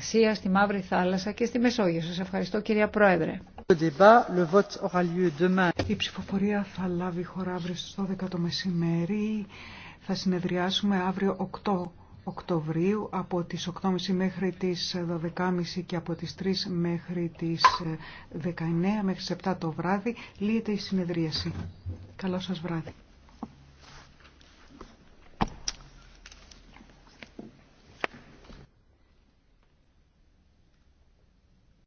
Ασία, στη Μαύρη Θάλασσα και στη Μεσόγειο. Σας ευχαριστώ κυρία Πρόεδρε. Η ψηφοφορία θα λάβει χώρα αύριο στις 12 το μεσημέρι. Θα συνεδριάσουμε αύριο 8 Οκτωβρίου από τις 8.30 μέχρι τις 12.30 και από τις 3 μέχρι τις 19 μέχρι τις 7 το βράδυ λύεται η συνεδρίαση. Καλό σας βράδυ.